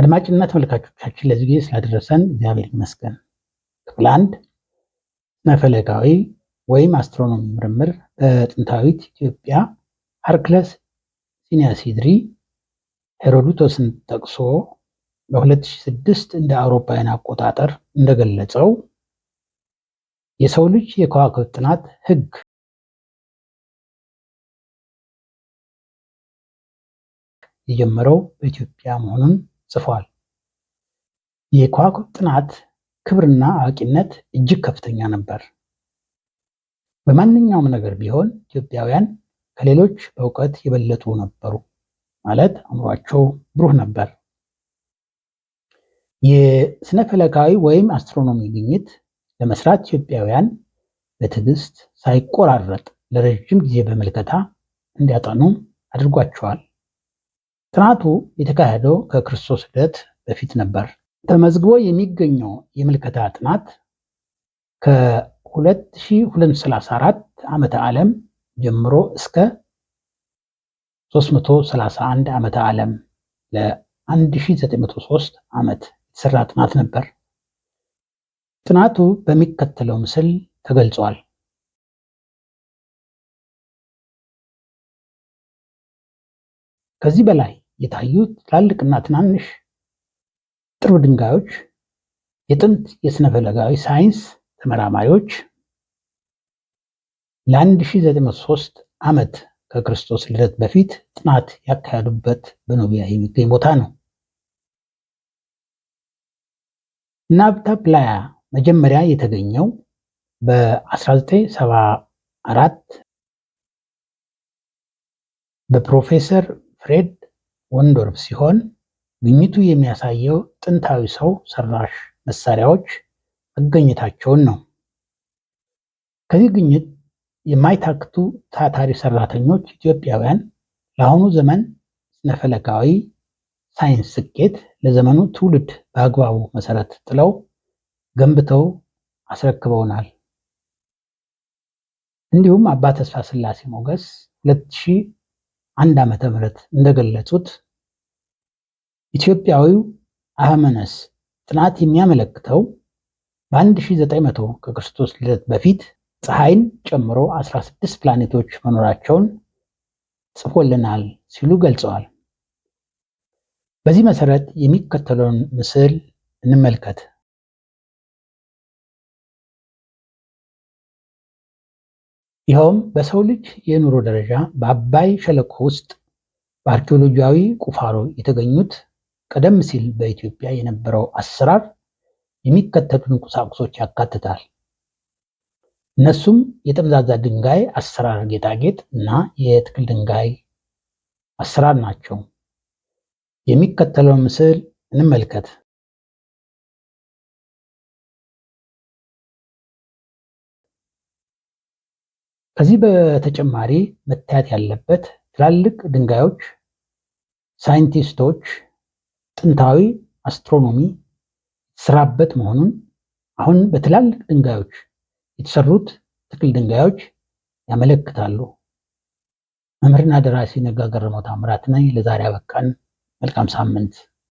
አድማጭና ተመልካቾቻችን ለዚህ ጊዜ ስላደረሰን እግዚአብሔር ይመስገን። ክፍል አንድ ነፈለጋዊ ወይም አስትሮኖሚ ምርምር በጥንታዊት ኢትዮጵያ አርክለስ ሲኒያሲድሪ ሄሮዶቶስን ጠቅሶ በ2006 እንደ አውሮፓውያን አቆጣጠር እንደገለጸው የሰው ልጅ የከዋክብት ጥናት ህግ የጀመረው በኢትዮጵያ መሆኑን ጽፏል። የከዋክብት ጥናት ክብርና አዋቂነት እጅግ ከፍተኛ ነበር። በማንኛውም ነገር ቢሆን ኢትዮጵያውያን ከሌሎች በእውቀት የበለጡ ነበሩ ማለት አእምሯቸው ብሩህ ነበር። የስነ ፈለካዊ ወይም አስትሮኖሚ ግኝት ለመስራት ኢትዮጵያውያን በትዕግስት ሳይቆራረጥ ለረጅም ጊዜ በመልከታ እንዲያጠኑ አድርጓቸዋል። ጥናቱ የተካሄደው ከክርስቶስ ልደት በፊት ነበር። ተመዝግቦ የሚገኘው የምልከታ ጥናት ከ2234 ዓመተ ዓለም ጀምሮ እስከ 331 ዓመተ ዓለም ለ1903 ዓመት የተሰራ ጥናት ነበር። ጥናቱ በሚከተለው ምስል ተገልጿል። ከዚህ በላይ የታዩ ትላልቅና ትናንሽ ጥርብ ድንጋዮች የጥንት የስነፈለጋዊ ሳይንስ ተመራማሪዎች ለ1903 ዓመት ከክርስቶስ ልደት በፊት ጥናት ያካሄዱበት በኖቢያ የሚገኝ ቦታ ነው። ናብታ ፕላያ መጀመሪያ የተገኘው በ1974 በፕሮፌሰር ፍሬድ ወንዶርብ ሲሆን ግኝቱ የሚያሳየው ጥንታዊ ሰው ሰራሽ መሳሪያዎች መገኘታቸውን ነው። ከዚህ ግኝት የማይታክቱ ታታሪ ሰራተኞች ኢትዮጵያውያን ለአሁኑ ዘመን ስነፈለጋዊ ሳይንስ ስኬት ለዘመኑ ትውልድ በአግባቡ መሰረት ጥለው ገንብተው አስረክበውናል። እንዲሁም አባ ተስፋ ስላሴ ሞገስ 2000 አንድ ዓመተ ምህረት እንደገለጹት ኢትዮጵያዊው አህመነስ ጥናት የሚያመለክተው በ1900 ከክርስቶስ ልደት በፊት ፀሐይን ጨምሮ 16 ፕላኔቶች መኖራቸውን ጽፎልናል ሲሉ ገልጸዋል። በዚህ መሰረት የሚከተለውን ምስል እንመልከት። ይኸውም በሰው ልጅ የኑሮ ደረጃ በአባይ ሸለቆ ውስጥ በአርኪኦሎጂያዊ ቁፋሮ የተገኙት ቀደም ሲል በኢትዮጵያ የነበረው አሰራር የሚከተሉን ቁሳቁሶች ያካትታል። እነሱም የጠምዛዛ ድንጋይ አሰራር ጌጣጌጥ እና የትክል ድንጋይ አሰራር ናቸው። የሚከተለው ምስል እንመልከት። ከዚህ በተጨማሪ መታየት ያለበት ትላልቅ ድንጋዮች ሳይንቲስቶች ጥንታዊ አስትሮኖሚ የተሰራበት መሆኑን አሁን በትላልቅ ድንጋዮች የተሰሩት ትክል ድንጋዮች ያመለክታሉ። መምህርና ደራሲ ነጋ ገረመው ታምራት ነኝ። ለዛሬ አበቃን። መልካም ሳምንት።